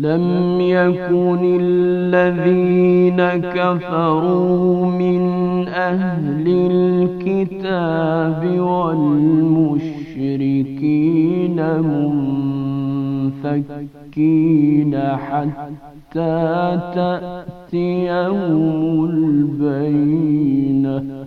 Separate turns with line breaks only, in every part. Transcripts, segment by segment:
لم يكن الذين كفروا من أهل الكتاب والمشركين منفكين حتى تأتيهم البينة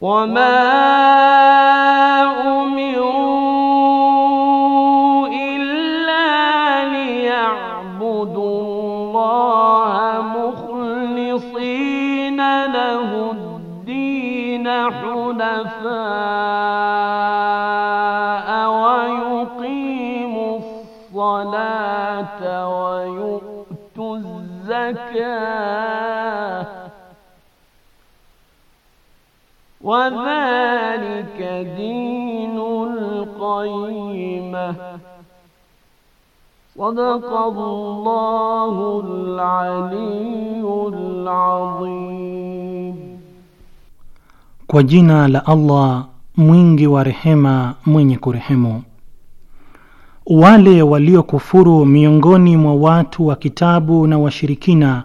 وما أمروا إلا ليعبدوا الله مخلصين له الدين حنفاء ويقيموا الصلاة ويؤتوا الزكاة wadhalika dinul qayyima. Sadaqallahul aliyyul adhim.
Kwa jina la Allah mwingi wa rehema mwenye kurehemu. Wale waliokufuru miongoni mwa watu wa kitabu na washirikina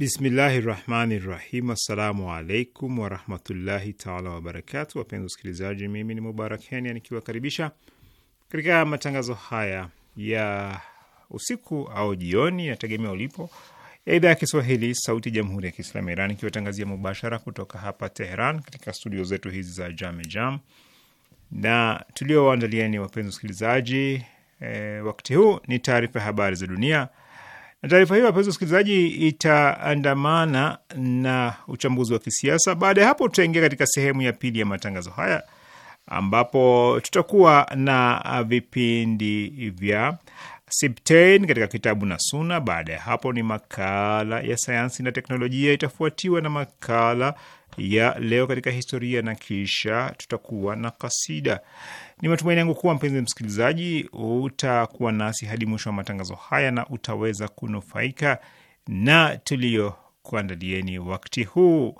Bismillahi rahmani rahim. Assalamu alaikum warahmatullahi taala wabarakatu. Wapenzi wasikilizaji, mimi ni Mubarak Henia nikiwakaribisha katika matangazo haya ya usiku au jioni, yategemea ulipo, ya idhaa ya Kiswahili sauti jamhuri ya Kiislamu ya Iran ikiwatangazia mubashara kutoka hapa Teheran katika studio zetu hizi za Jame Jam na tuliowaandalieni wapenzi wasikilizaji, e, wakati huu ni taarifa ya habari za dunia na taarifa hiyo, wapenzi wasikilizaji, itaandamana na uchambuzi wa kisiasa. Baada ya hapo, tutaingia katika sehemu ya pili ya matangazo haya ambapo tutakuwa na vipindi vya Sibtain katika kitabu na Suna. Baada ya hapo ni makala ya sayansi na teknolojia, itafuatiwa na makala ya leo katika historia, na kisha tutakuwa na kasida. Ni matumaini yangu kuwa mpenzi msikilizaji utakuwa nasi hadi mwisho wa matangazo haya na utaweza kunufaika na tuliyokuandalieni wakati huu,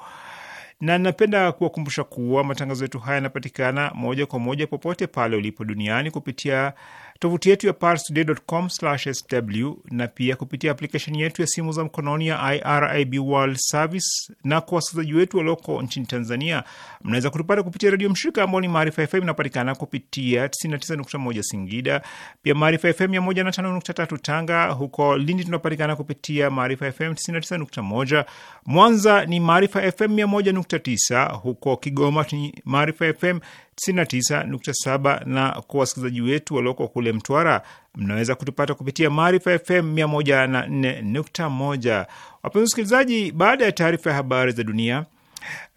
na napenda kuwakumbusha kuwa matangazo yetu haya yanapatikana moja kwa moja popote pale ulipo duniani kupitia Tovuti yetu ya parstoday.com/sw na pia kupitia aplikesheni yetu ya simu za mkononi ya IRIB World Service. Na kwa wasikilizaji wetu walioko nchini Tanzania, mnaweza kutupata kupitia redio mshirika ambao ni Maarifa FM, inapatikana kupitia 99.1 Singida, pia Maarifa FM 105.3 Tanga. Huko Lindi tunapatikana kupitia Maarifa FM 99.1. Mwanza ni Maarifa FM 101.9. Huko Kigoma ni Maarifa FM 99.7 na kwa wasikilizaji wetu walioko kule Mtwara, mnaweza kutupata kupitia Maarifa FM 104.1. Wapenzi wasikilizaji, baada ya taarifa ya habari za dunia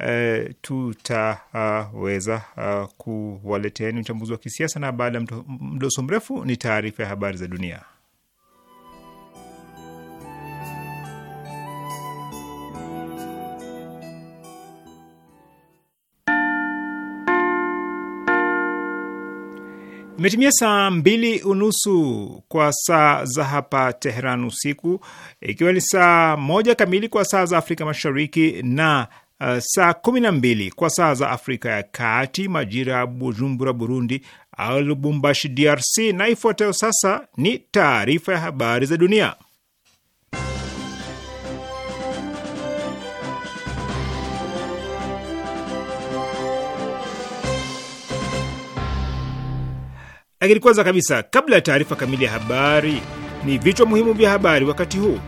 e, tutaweza uh, uh, kuwaleteni uchambuzi wa kisiasa na baada ya mdoso mrefu ni taarifa ya habari za dunia. Imetimia saa mbili unusu kwa saa za hapa Teheran usiku, ikiwa ni saa moja kamili kwa saa za Afrika Mashariki na uh, saa kumi na mbili kwa saa za Afrika ya Kati, majira ya Bujumbura Burundi au Lubumbashi DRC. Na ifuatayo sasa ni taarifa ya habari za dunia. Lakini kwanza kabisa, kabla ya taarifa kamili ya habari, ni vichwa muhimu vya habari wakati huu.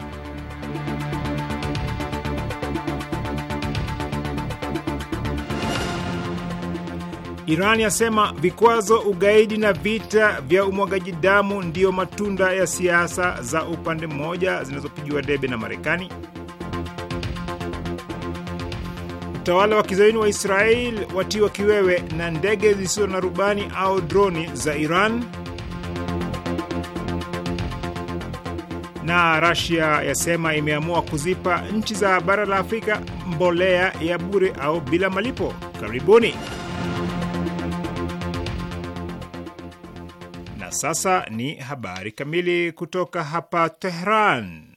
Iran yasema vikwazo, ugaidi na vita vya umwagaji damu ndiyo matunda ya siasa za upande mmoja zinazopigiwa debe na Marekani. Utawala wa kizayuni wa Israel watiwa kiwewe na ndege zisizo na rubani au droni za Iran, na Rasia yasema imeamua kuzipa nchi za bara la Afrika mbolea ya bure au bila malipo. Karibuni. Na sasa ni habari kamili kutoka hapa Tehran.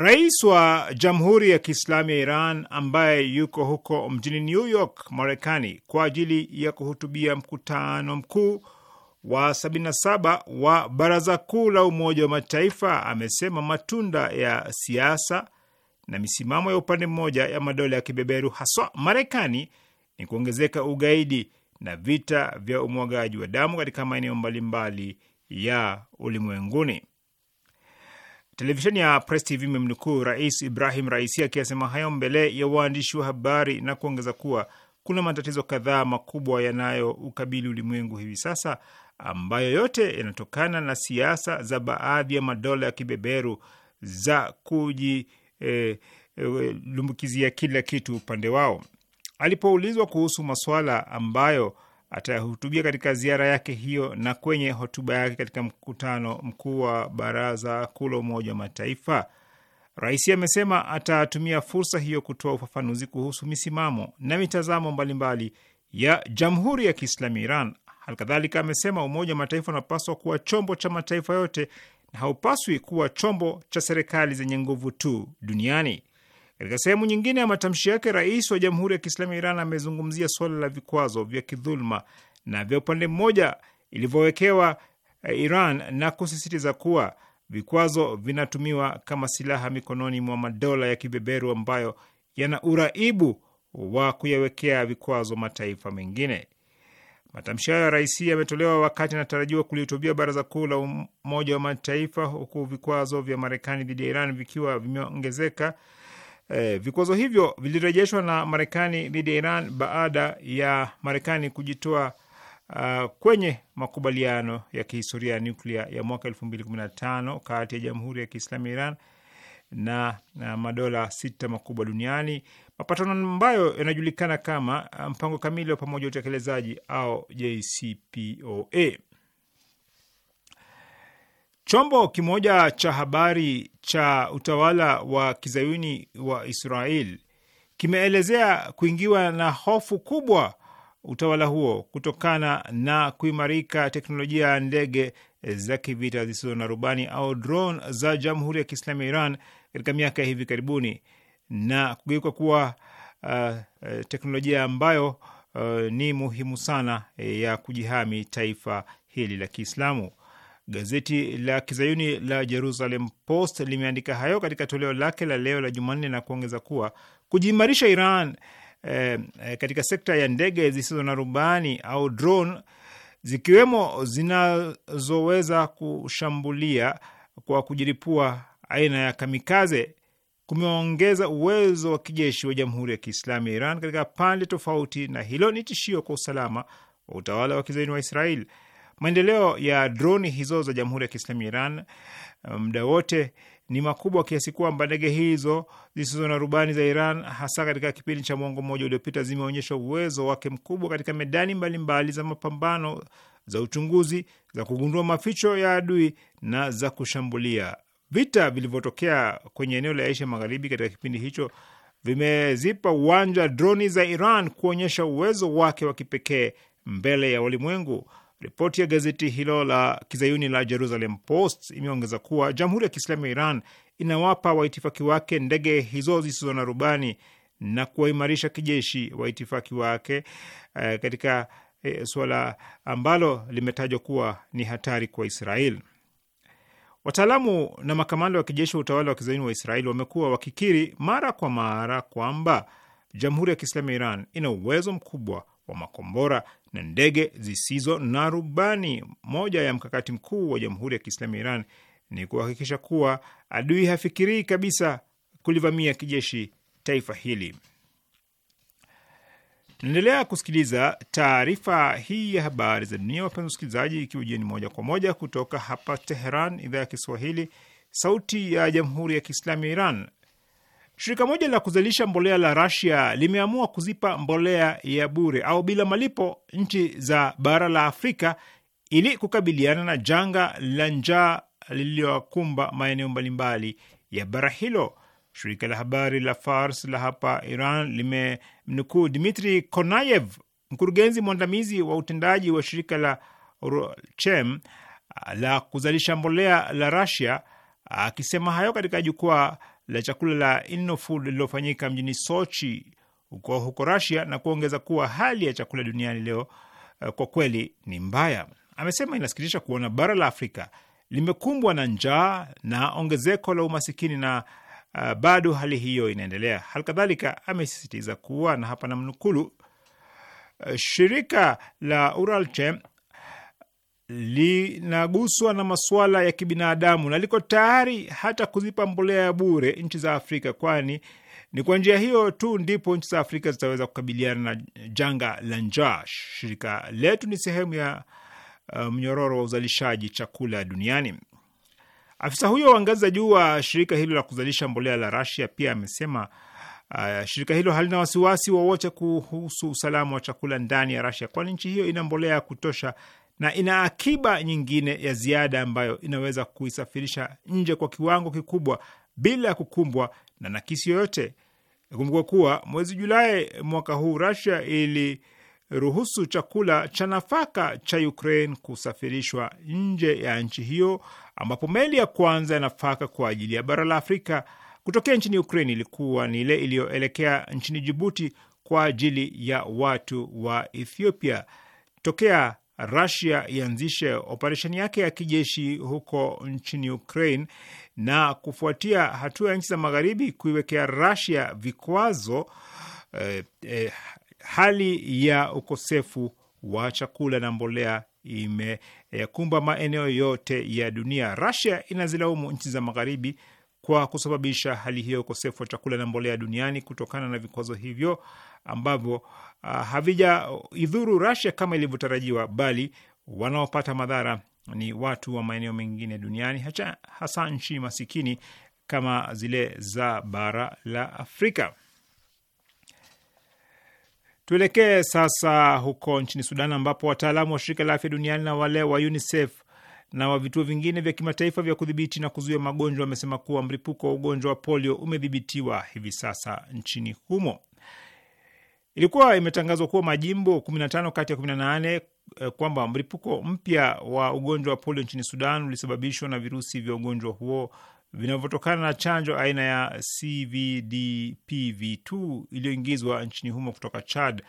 Rais wa Jamhuri ya Kiislamu ya Iran ambaye yuko huko mjini New York, Marekani, kwa ajili ya kuhutubia mkutano mkuu wa 77 wa Baraza Kuu la Umoja wa Mataifa amesema matunda ya siasa na misimamo ya upande mmoja ya madola ya kibeberu haswa Marekani ni kuongezeka ugaidi na vita vya umwagaji wa damu katika maeneo mbalimbali ya ulimwenguni. Televisheni ya Press TV imemnukuu Rais Ibrahim Raisi akiyasema hayo mbele ya waandishi wa habari na kuongeza kuwa kuna matatizo kadhaa makubwa yanayoukabili ulimwengu hivi sasa ambayo yote yanatokana na siasa za baadhi ya madola ya kibeberu za kujilumbukizia eh, eh, kila kitu upande wao. Alipoulizwa kuhusu masuala ambayo atahutubia katika ziara yake hiyo na kwenye hotuba yake katika mkutano mkuu wa Baraza Kuu la Umoja wa Mataifa. Raisi amesema atatumia fursa hiyo kutoa ufafanuzi kuhusu misimamo na mitazamo mbalimbali ya Jamhuri ya Kiislamu Iran. Halikadhalika amesema Umoja wa Mataifa unapaswa kuwa chombo cha mataifa yote na haupaswi kuwa chombo cha serikali zenye nguvu tu duniani. Katika sehemu nyingine ya matamshi yake, rais wa Jamhuri ya Kiislamu ya Iran amezungumzia suala la vikwazo vya kidhuluma na vya upande mmoja ilivyowekewa eh, Iran na kusisitiza kuwa vikwazo vinatumiwa kama silaha mikononi mwa madola ya kibeberu ambayo yana uraibu wa kuyawekea vikwazo mataifa mengine. Matamshi hayo ya rais yametolewa wakati anatarajiwa kulihutubia Baraza Kuu la Umoja wa Mataifa, huku vikwazo vya Marekani dhidi ya Iran vikiwa vimeongezeka Eh, vikwazo hivyo vilirejeshwa na Marekani dhidi ya Iran baada ya Marekani kujitoa uh, kwenye makubaliano ya kihistoria ya nuklia ya mwaka 2015 kati ya Jamhuri ya Kiislamu ya Iran na, na madola sita makubwa duniani, mapatano ambayo yanajulikana kama ah, mpango kamili wa pamoja wa utekelezaji au JCPOA. Chombo kimoja cha habari cha utawala wa kizayuni wa Israel kimeelezea kuingiwa na hofu kubwa utawala huo kutokana na kuimarika teknolojia ya ndege za kivita zisizo na rubani au drone za Jamhuri ya Kiislamu ya Iran katika miaka ya hivi karibuni na kugeuka kuwa uh, teknolojia ambayo uh, ni muhimu sana ya kujihami taifa hili la Kiislamu. Gazeti la kizayuni la Jerusalem Post limeandika hayo katika toleo lake la leo la Jumanne na kuongeza kuwa kujiimarisha Iran eh, eh katika sekta ya ndege zisizo na rubani au drone, zikiwemo zinazoweza kushambulia kwa kujiripua aina ya kamikaze kumeongeza uwezo wa kijeshi wa Jamhuri ya Kiislamu ya Iran katika pande tofauti, na hilo ni tishio kwa usalama wa utawala wa kizayuni wa Israeli. Maendeleo ya droni hizo za Jamhuri ya Kiislamu ya Iran um, muda wote ni makubwa kiasi kwamba ndege hizo zisizo na rubani za Iran hasa katika kipindi cha mwongo mmoja uliopita zimeonyesha uwezo wake mkubwa katika medani mbalimbali mbali za mapambano, za uchunguzi, za kugundua maficho ya adui na za kushambulia. Vita vilivyotokea kwenye eneo la Asia Magharibi katika kipindi hicho vimezipa uwanja droni za Iran kuonyesha uwezo wake wa kipekee mbele ya walimwengu. Ripoti ya gazeti hilo la kizayuni la Jerusalem Post imeongeza kuwa Jamhuri ya Kiislamu ya Iran inawapa waitifaki wake ndege hizo zisizo na rubani na kuwaimarisha kijeshi waitifaki wake eh, katika eh, suala ambalo limetajwa kuwa ni hatari kwa israel Wataalamu na makamanda wa kijeshi wa utawala wa kizayuni wa Israeli wamekuwa wakikiri mara kwa mara kwamba Jamhuri ya Kiislamu ya Iran ina uwezo mkubwa wa makombora na ndege zisizo na rubani. Moja ya mkakati mkuu wa Jamhuri ya Kiislamu ya Iran ni kuhakikisha kuwa adui hafikirii kabisa kulivamia kijeshi taifa hili. Naendelea kusikiliza taarifa hii ya habari za dunia, wapenzi wasikilizaji, ikiwa jieni moja kwa moja kutoka hapa Teheran, idhaa ya Kiswahili, sauti ya Jamhuri ya Kiislamu ya Iran. Shirika moja la kuzalisha mbolea la Rasia limeamua kuzipa mbolea ya bure au bila malipo nchi za bara la Afrika ili kukabiliana na janga la njaa lililokumba maeneo mbalimbali ya bara hilo. Shirika la habari la Fars la hapa Iran limemnukuu Dmitri Konayev, mkurugenzi mwandamizi wa utendaji wa shirika la Uralchem la kuzalisha mbolea la Rasia, akisema hayo katika jukwaa la chakula la InnoFood lililofanyika mjini Sochi huko huko Russia na kuongeza kuwa hali ya chakula duniani leo uh, kwa kweli ni mbaya. Amesema inasikitisha kuona bara la Afrika limekumbwa na njaa na ongezeko la umasikini na uh, bado hali hiyo inaendelea. Halikadhalika amesisitiza kuwa na hapa namnukulu, uh, shirika la Uralchem linaguswa na masuala ya kibinadamu na liko tayari hata kuzipa mbolea ya bure nchi za Afrika, kwani ni kwa njia hiyo tu ndipo nchi za Afrika zitaweza kukabiliana na janga la njaa. Shirika letu ni sehemu ya uh, mnyororo wa uzalishaji chakula duniani. Afisa huyo wa ngazi za juu wa shirika hilo la kuzalisha mbolea la Rasia pia amesema uh, shirika hilo halina wasiwasi wowote kuhusu usalama wa chakula ndani ya Rasia, kwani nchi hiyo ina mbolea ya kutosha na ina akiba nyingine ya ziada ambayo inaweza kuisafirisha nje kwa kiwango kikubwa bila ya kukumbwa na nakisi yoyote. Kumbuka kuwa mwezi Julai mwaka huu Russia iliruhusu chakula cha nafaka cha Ukraine kusafirishwa nje ya nchi hiyo, ambapo meli ya kwanza ya nafaka kwa ajili ya bara la Afrika kutokea nchini Ukraine ilikuwa ni ile iliyoelekea nchini Jibuti kwa ajili ya watu wa Ethiopia tokea rasia ianzishe operesheni yake ya kijeshi huko nchini Ukraine na kufuatia hatua ya nchi za magharibi kuiwekea rasia vikwazo eh, eh, hali ya ukosefu wa chakula na mbolea eh, maeneo yote ya dunia. rasia inazilaumu nchi za magharibi kwa kusababisha hali hiyo ukosefu wa chakula na mbolea duniani kutokana na vikwazo hivyo ambavyo uh, havijaidhuru Russia kama ilivyotarajiwa, bali wanaopata madhara ni watu wa maeneo mengine duniani hacha, hasa nchi masikini kama zile za bara la Afrika. Tuelekee sasa huko nchini Sudan ambapo wataalamu wa shirika la afya duniani na wale wa UNICEF na wa vituo vingine vya kimataifa vya kudhibiti na kuzuia magonjwa wamesema kuwa mlipuko wa ugonjwa wa polio umedhibitiwa hivi sasa nchini humo. Ilikuwa imetangazwa kuwa majimbo 15 kati ya 18 eh, kwamba mlipuko mpya wa ugonjwa wa polio nchini Sudan ulisababishwa na virusi vya ugonjwa huo vinavyotokana na chanjo aina ya CVDPV2 iliyoingizwa nchini humo kutoka Chad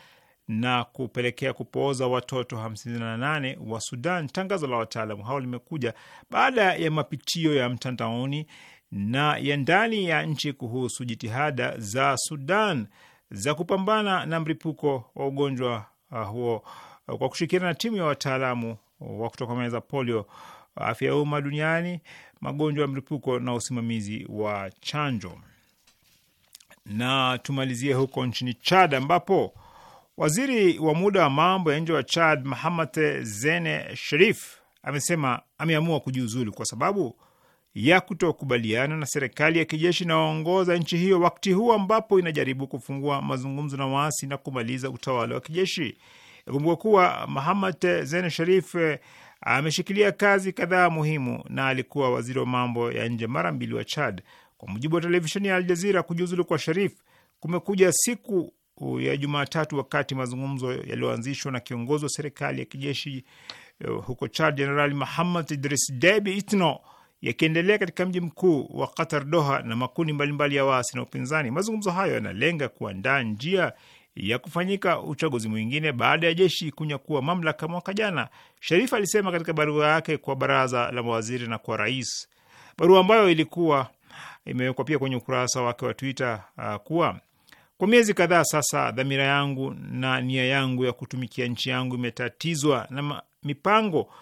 na kupelekea kupooza watoto 58 wa Sudan. Tangazo la wataalamu hao limekuja baada ya mapitio ya mtandaoni na ya ndani ya nchi kuhusu jitihada za Sudan za kupambana na mlipuko wa ugonjwa uh, huo uh, kwa kushirikiana na timu ya wataalamu wa kutokomeza polio, uh, afya ya umma duniani, magonjwa ya mlipuko na usimamizi wa chanjo. Na tumalizie huko nchini Chad ambapo Waziri wa muda wa mambo ya nje wa Chad Mahamate Zene Sherif amesema ameamua kujiuzulu kwa sababu ya kutokubaliana na serikali ya kijeshi inayoongoza nchi hiyo wakati huu ambapo inajaribu kufungua mazungumzo na waasi na kumaliza utawala wa kijeshi. Kumbuka kuwa Mahamad Zene Sharif eh, ameshikilia kazi kadhaa muhimu na alikuwa waziri wa mambo ya nje mara mbili wa Chad. Kwa mujibu wa televisheni ya Aljazira, kujiuzulu kwa Sharif kumekuja siku ya Jumatatu wakati mazungumzo yaliyoanzishwa na kiongozi wa serikali ya kijeshi eh, huko Chad, Jenerali Muhammad Idris Debi Itno yakiendelea katika mji mkuu wa Qatar, Doha, na makundi mbalimbali ya waasi na upinzani. Mazungumzo hayo yanalenga kuandaa njia ya kufanyika uchaguzi mwingine baada ya jeshi kunyakua mamlaka mwaka jana, Sharif alisema katika barua yake kwa baraza la mawaziri na kwa rais, barua ambayo ilikuwa imewekwa pia kwenye ukurasa wake wa Twitter uh, kuwa kwa miezi kadhaa sasa, dhamira yangu na nia yangu ya kutumikia nchi yangu imetatizwa na mipango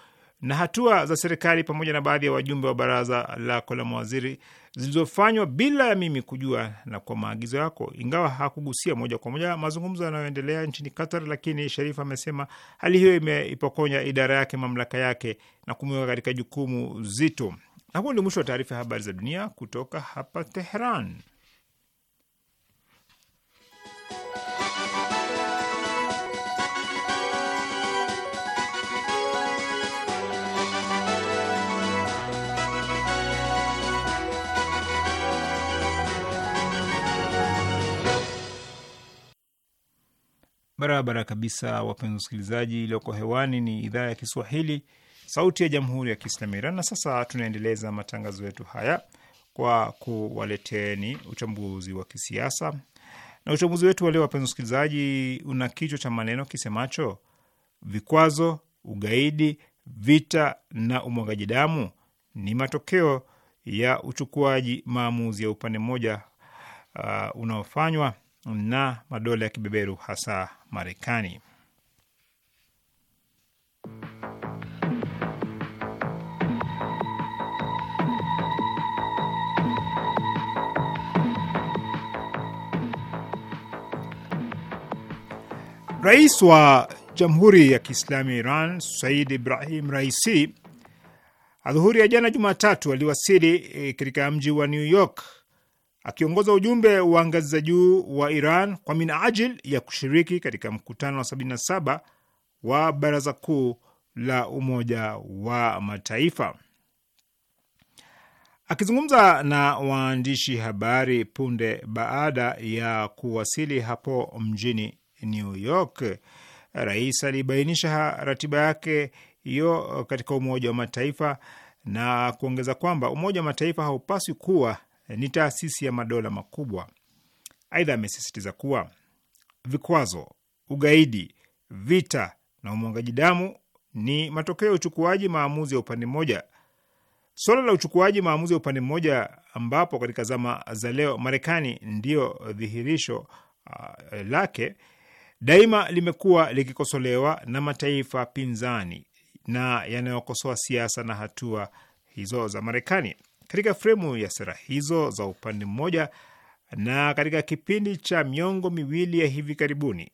na hatua za serikali pamoja na baadhi ya wajumbe wa baraza lako la mawaziri zilizofanywa bila ya mimi kujua na kwa maagizo yako. Ingawa hakugusia moja kwa moja mazungumzo yanayoendelea nchini Qatar, lakini Sharif amesema hali hiyo imeipokonya idara yake mamlaka yake na kumweka katika jukumu zito. Na huo ndio mwisho wa taarifa ya habari za dunia kutoka hapa Teheran. Barabara kabisa, wapenzi wasikilizaji, iliyoko hewani ni idhaa ya Kiswahili, sauti ya jamhuri ya kiislamu Iran. Na sasa tunaendeleza matangazo yetu haya kwa kuwaleteni uchambuzi wa kisiasa na uchambuzi wetu wa leo, wapenzi wasikilizaji, una kichwa cha maneno kisemacho vikwazo, ugaidi, vita na umwagaji damu ni matokeo ya uchukuaji maamuzi ya upande mmoja uh, unaofanywa na madola ya kibeberu hasa Marekani. Rais wa Jamhuri ya Kiislamu ya Iran Said Ibrahim Raisi adhuhuri ya jana Jumatatu aliwasili e, katika mji wa New York akiongoza ujumbe wa ngazi za juu wa Iran kwa minajil ya kushiriki katika mkutano wa 77 wa Baraza Kuu la Umoja wa Mataifa. Akizungumza na waandishi habari punde baada ya kuwasili hapo mjini New York. Rais alibainisha ratiba yake hiyo katika Umoja wa Mataifa na kuongeza kwamba Umoja wa Mataifa haupaswi kuwa ni taasisi ya madola makubwa. Aidha, amesisitiza kuwa vikwazo, ugaidi, vita na umwangaji damu ni matokeo ya uchukuaji maamuzi ya upande mmoja. Suala la uchukuaji maamuzi ya upande mmoja, ambapo katika zama za leo Marekani ndiyo dhihirisho uh, lake daima limekuwa likikosolewa na mataifa pinzani na yanayokosoa siasa na hatua hizo za Marekani. Katika fremu ya sera hizo za upande mmoja na katika kipindi cha miongo miwili ya hivi karibuni,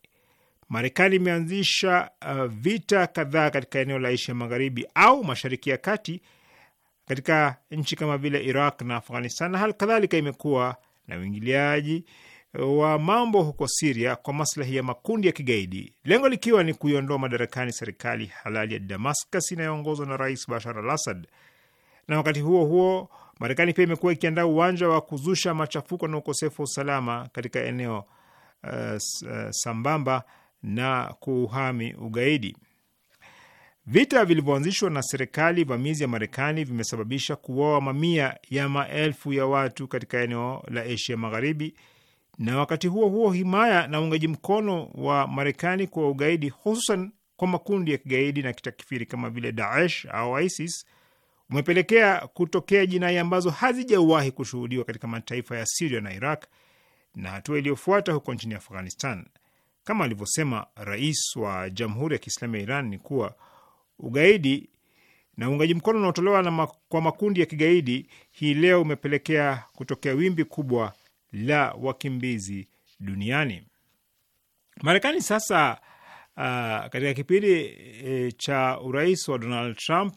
Marekani imeanzisha uh, vita kadhaa katika eneo la Asia Magharibi au Mashariki ya Kati, katika nchi kama vile Iraq na Afghanistan, na hali kadhalika imekuwa na uingiliaji wa mambo huko Siria kwa maslahi ya makundi ya kigaidi, lengo likiwa ni kuiondoa madarakani serikali halali ya Damascus inayoongozwa na Rais Bashar al Assad. Na wakati huo huo, Marekani pia imekuwa ikiandaa uwanja wa kuzusha machafuko na ukosefu wa usalama katika eneo uh, uh, sambamba na kuuhami ugaidi. Vita vilivyoanzishwa na serikali vamizi ya Marekani vimesababisha kuuawa mamia ya maelfu ya watu katika eneo la Asia Magharibi na wakati huo huo himaya na uungaji mkono wa Marekani kwa ugaidi, hususan kwa makundi ya kigaidi na kitakifiri kama vile Daesh au ISIS umepelekea kutokea jinai ambazo hazijawahi kushuhudiwa katika mataifa ya Siria na Iraq na hatua iliyofuata huko nchini Afghanistan. Kama alivyosema rais wa Jamhuri ya Kiislamu ya Iran ni kuwa ugaidi na uungaji mkono unaotolewa kwa makundi ya kigaidi hii leo umepelekea kutokea wimbi kubwa la wakimbizi duniani. Marekani sasa uh, katika kipindi e, cha urais wa Donald Trump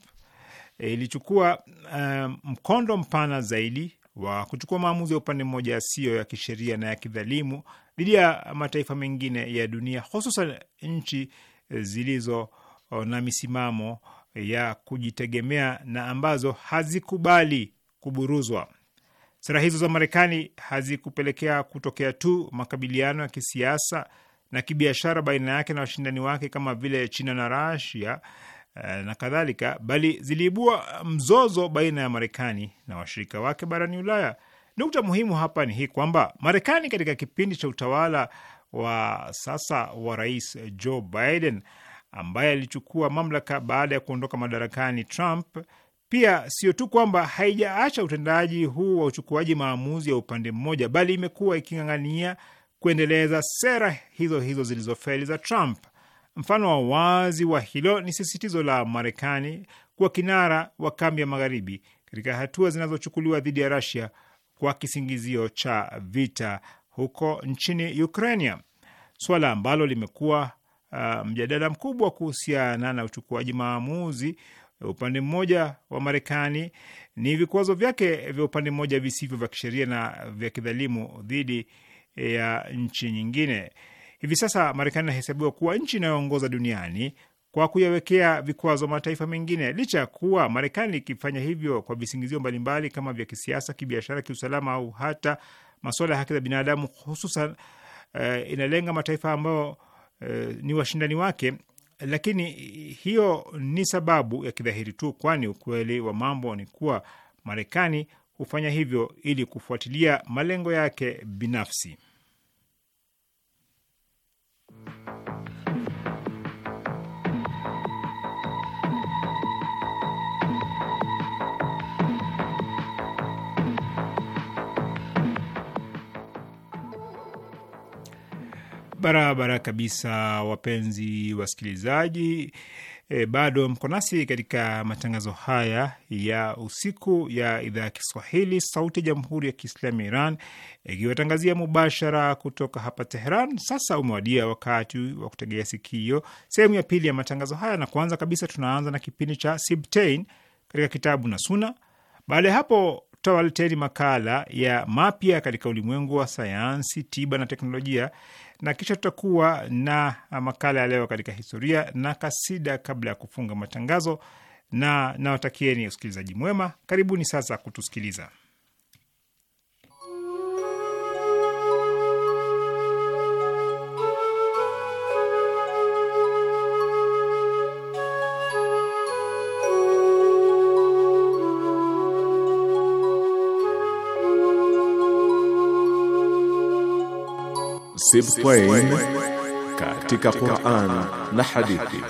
eh, ilichukua e, um, mkondo mpana zaidi wa kuchukua maamuzi ya upande mmoja yasiyo ya kisheria na ya kidhalimu dhidi ya mataifa mengine ya dunia, hususan nchi zilizo oh, na misimamo ya kujitegemea na ambazo hazikubali kuburuzwa. Sera hizo za Marekani hazikupelekea kutokea tu makabiliano ya kisiasa na kibiashara baina yake na washindani wake kama vile China na rasia eh, na kadhalika, bali ziliibua mzozo baina ya Marekani na washirika wake barani Ulaya. Nukta muhimu hapa ni hii kwamba Marekani katika kipindi cha utawala wa sasa wa Rais Joe Biden ambaye alichukua mamlaka baada ya kuondoka madarakani Trump pia sio tu kwamba haijaacha utendaji huu wa uchukuaji maamuzi ya upande mmoja, bali imekuwa iking'ang'ania kuendeleza sera hizo hizo zilizofeli za Trump. Mfano wa wazi wa hilo ni sisitizo la Marekani kuwa kinara wa kambi ya magharibi katika hatua zinazochukuliwa dhidi ya rasia kwa kisingizio cha vita huko nchini ukrania suala ambalo limekuwa uh, mjadala mkubwa kuhusiana na uchukuaji maamuzi upande mmoja wa Marekani ni vikwazo vyake vya upande mmoja visivyo vya kisheria na vya kidhalimu dhidi ya nchi nyingine. Hivi sasa Marekani inahesabiwa kuwa nchi inayoongoza duniani kwa kuyawekea vikwazo mataifa mengine, licha ya kuwa Marekani ikifanya hivyo kwa visingizio mbalimbali kama vya kisiasa, kibiashara, kiusalama au hata masuala ya haki za binadamu, hususan uh, inalenga mataifa ambayo uh, ni washindani wake lakini hiyo ni sababu ya kidhahiri tu, kwani ukweli wa mambo ni kuwa Marekani hufanya hivyo ili kufuatilia malengo yake binafsi. barabara kabisa, wapenzi wasikilizaji. E, bado mko nasi katika matangazo haya ya usiku ya idhaa ya Kiswahili sauti ya jamhuri ya Kiislamu ya Iran ikiwatangazia e, mubashara kutoka hapa Teheran. Sasa umewadia wakati wa kutegea sikio sehemu ya pili ya matangazo haya, na kwanza kabisa tunaanza na kipindi cha Sibtain katika kitabu na Suna. Baada ya hapo, tutawaleteni makala ya mapya katika ulimwengu wa sayansi, tiba na teknolojia na kisha tutakuwa na uh, makala ya leo katika historia na kasida kabla ya kufunga matangazo, na nawatakieni usikilizaji mwema. Karibuni sasa kutusikiliza.
Sibtain katika Qur'an na hadithi.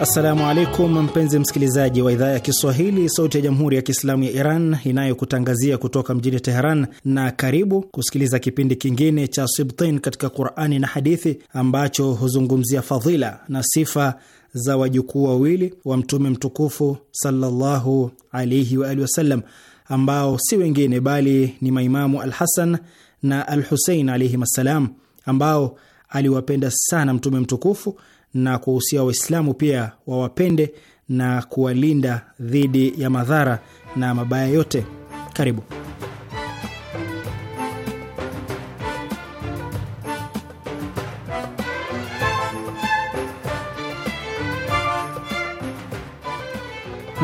Assalamu alaikum mpenzi msikilizaji wa idhaa ya Kiswahili sauti ya Jamhuri ya Kiislamu ya Iran inayokutangazia kutoka mjini Teheran, na karibu kusikiliza kipindi kingine cha Sibtain katika Qurani na hadithi ambacho huzungumzia fadhila na sifa za wajukuu wawili wa Mtume mtukufu sallallahu alaihi wa alihi wasallam ambao si wengine bali ni maimamu Al Hasan na Al Husein alaihim assalam, ambao aliwapenda sana Mtume mtukufu na kuwahusia Waislamu pia wawapende na kuwalinda dhidi ya madhara na mabaya yote. Karibu.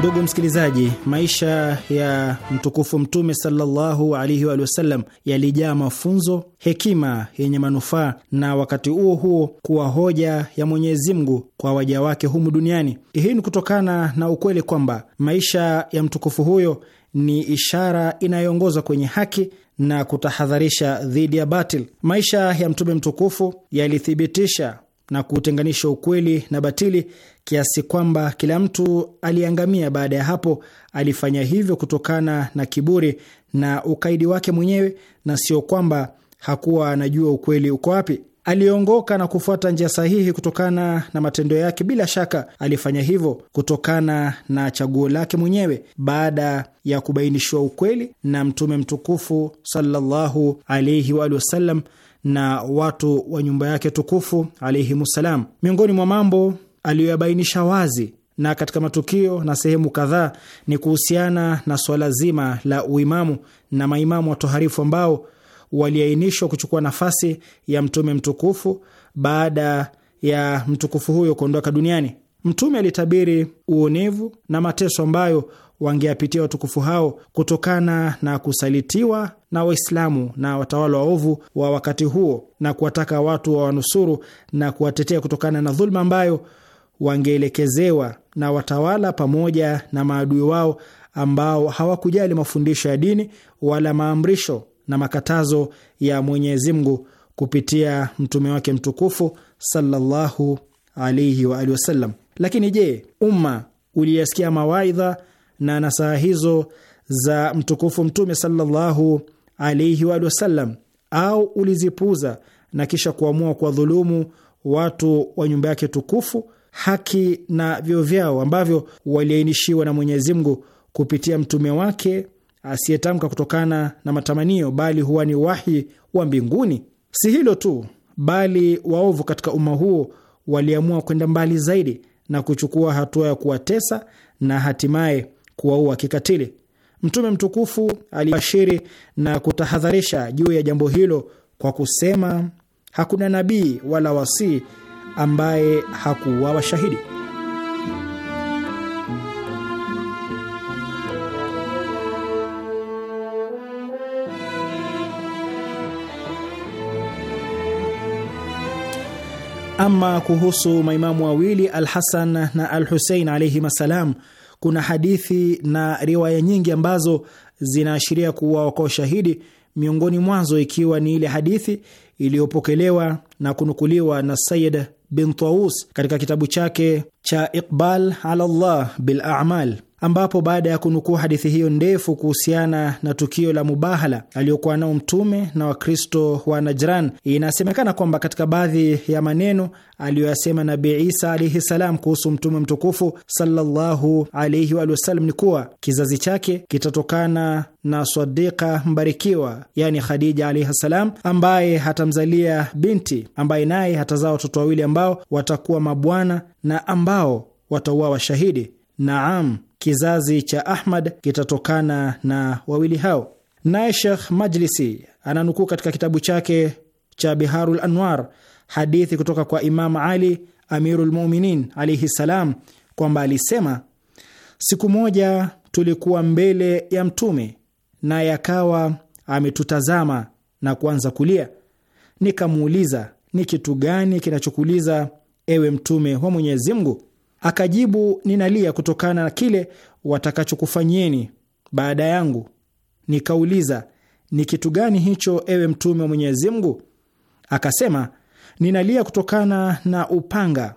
Ndugu msikilizaji, maisha ya mtukufu Mtume sallallahu alaihi wa sallam yalijaa mafunzo, hekima yenye manufaa na wakati huo huo kuwa hoja ya Mwenyezi Mungu kwa waja wake humu duniani. Hii ni kutokana na ukweli kwamba maisha ya mtukufu huyo ni ishara inayoongoza kwenye haki na kutahadharisha dhidi ya batil. Maisha ya mtume mtukufu yalithibitisha na kutenganisha ukweli na batili kiasi kwamba kila mtu aliangamia. Baada ya hapo, alifanya hivyo kutokana na kiburi na ukaidi wake mwenyewe, na sio kwamba hakuwa anajua ukweli uko wapi. Aliongoka na kufuata njia sahihi kutokana na matendo yake. Bila shaka alifanya hivyo kutokana na chaguo lake mwenyewe baada ya kubainishiwa ukweli na Mtume mtukufu sallallahu alaihi waalihi wasallam na watu wa nyumba yake tukufu alaihimussalam. Miongoni mwa mambo aliyoyabainisha wazi na katika matukio na sehemu kadhaa ni kuhusiana na swala zima la uimamu na maimamu watoharifu ambao waliainishwa kuchukua nafasi ya mtume mtukufu baada ya mtukufu huyo kuondoka duniani. Mtume alitabiri uonevu na mateso ambayo wangeapitia watukufu hao kutokana na kusalitiwa na Waislamu na watawala waovu wa wakati huo na kuwataka watu wa wanusuru na kuwatetea kutokana na dhuluma ambayo wangeelekezewa na watawala pamoja na maadui wao ambao hawakujali mafundisho ya dini wala maamrisho na makatazo ya Mwenyezi Mungu kupitia mtume wake mtukufu sallallahu alaihi wa alihi wasallam. Lakini je, umma uliyasikia mawaidha na nasaha hizo za mtukufu Mtume sallallahu alaihi wa sallam, au ulizipuuza na kisha kuamua kwa dhulumu watu wa nyumba yake tukufu haki na vyo vyao ambavyo waliainishiwa na Mwenyezi Mungu kupitia mtume wake asiyetamka kutokana na matamanio, bali huwa ni wahi wa mbinguni. Si hilo tu, bali waovu katika umma huo waliamua kwenda mbali zaidi na kuchukua hatua ya kuwatesa na hatimaye kuwaua kikatili. Mtume mtukufu alibashiri na kutahadharisha juu ya jambo hilo kwa kusema, hakuna nabii wala wasii ambaye hakuuawa shahidi. Ama kuhusu maimamu wawili alhasan na Al Husein alaihim assalam kuna hadithi na riwaya nyingi ambazo zinaashiria kuuawa kwa shahidi, miongoni mwazo ikiwa ni ile hadithi iliyopokelewa na kunukuliwa na Sayid bin Tawus katika kitabu chake cha Iqbal ala Allah bil A'mal ambapo baada ya kunukuu hadithi hiyo ndefu kuhusiana na tukio la mubahala aliyokuwa nao Mtume na Wakristo wa Najran, inasemekana kwamba katika baadhi ya maneno aliyoyasema nabi Isa alaihi salam kuhusu Mtume mtukufu sallallahu alaihi wa sallam ni kuwa kizazi chake kitatokana na swadika mbarikiwa, yani Khadija alaihi salam, ambaye hatamzalia binti, ambaye naye hatazaa watoto wawili ambao watakuwa mabwana na ambao watauawa washahidi Naam, kizazi cha Ahmad kitatokana na wawili hao. Naye Shekh Majlisi ananukuu katika kitabu chake cha Biharul Anwar hadithi kutoka kwa Imam Ali Amirul Muminin alaihi ssalam, kwamba alisema siku moja tulikuwa mbele ya Mtume naye akawa ametutazama na kuanza kulia. Nikamuuliza, ni kitu gani kinachokuliza ewe Mtume wa Mwenyezi Mungu? Akajibu, ninalia kutokana na kile watakachokufanyieni baada yangu. Nikauliza, ni kitu gani hicho, ewe Mtume wa Mwenyezi Mungu? Akasema, ninalia kutokana na upanga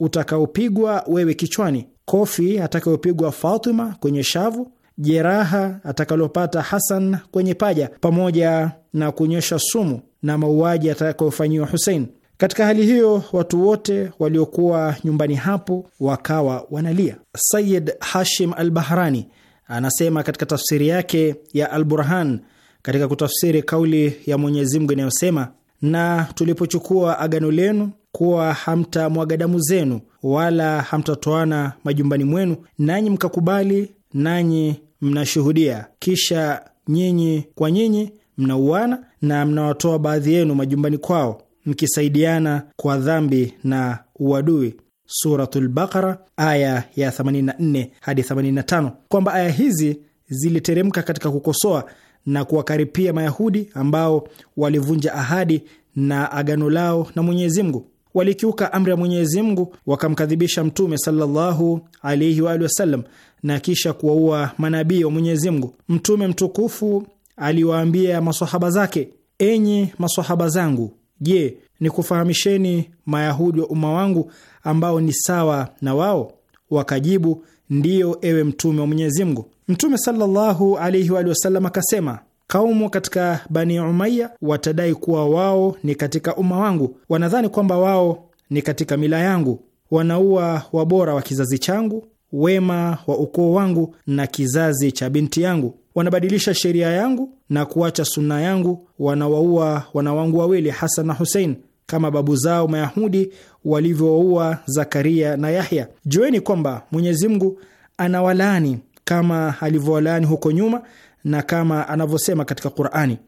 utakaopigwa wewe kichwani, kofi atakayopigwa Fatima kwenye shavu, jeraha atakalopata Hasan kwenye paja, pamoja na kunyesha sumu na mauaji atakayofanyiwa Husein. Katika hali hiyo watu wote waliokuwa nyumbani hapo wakawa wanalia. Sayid Hashim al Bahrani anasema katika tafsiri yake ya Al Burhan katika kutafsiri kauli ya Mwenyezi Mungu inayosema, na tulipochukua agano lenu kuwa hamtamwaga damu zenu wala hamtatoana majumbani mwenu, nanyi mkakubali, nanyi mnashuhudia, kisha nyinyi kwa nyinyi mnauana na mnawatoa baadhi yenu majumbani kwao mkisaidiana kwa dhambi na uadui, Suratul Baqara aya ya 84 hadi 85, kwamba aya hizi ziliteremka katika kukosoa na kuwakaripia Mayahudi ambao walivunja ahadi na agano lao na Mwenyezi Mungu. Walikiuka amri ya Mwenyezi Mungu, wakamkadhibisha Mtume sallallahu alaihi wa alihi wasallam, na kisha kuwaua manabii wa Mwenyezi Mungu. Mtume mtukufu aliwaambia masahaba zake, enyi masahaba zangu Je, ni kufahamisheni Mayahudi wa umma wangu ambao ni sawa na wao? Wakajibu, ndiyo, ewe Mtume wa Mwenyezi Mungu. Mtume sallallahu alaihi wa sallam akasema, kaumu katika Bani Umaya watadai kuwa wao ni katika umma wangu, wanadhani kwamba wao ni katika mila yangu, wanaua wabora wa kizazi changu, wema wa ukoo wangu na kizazi cha binti yangu wanabadilisha sheria yangu na kuacha sunna yangu, wanawaua wanawangu wawili Hasan na Husein kama babu zao Mayahudi walivyowaua Zakaria na Yahya. Jueni kwamba Mwenyezi Mungu anawalaani kama alivyowalaani huko nyuma na kama anavyosema katika Qur'ani.